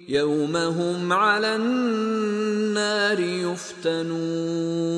يوم هم على النار يفتنون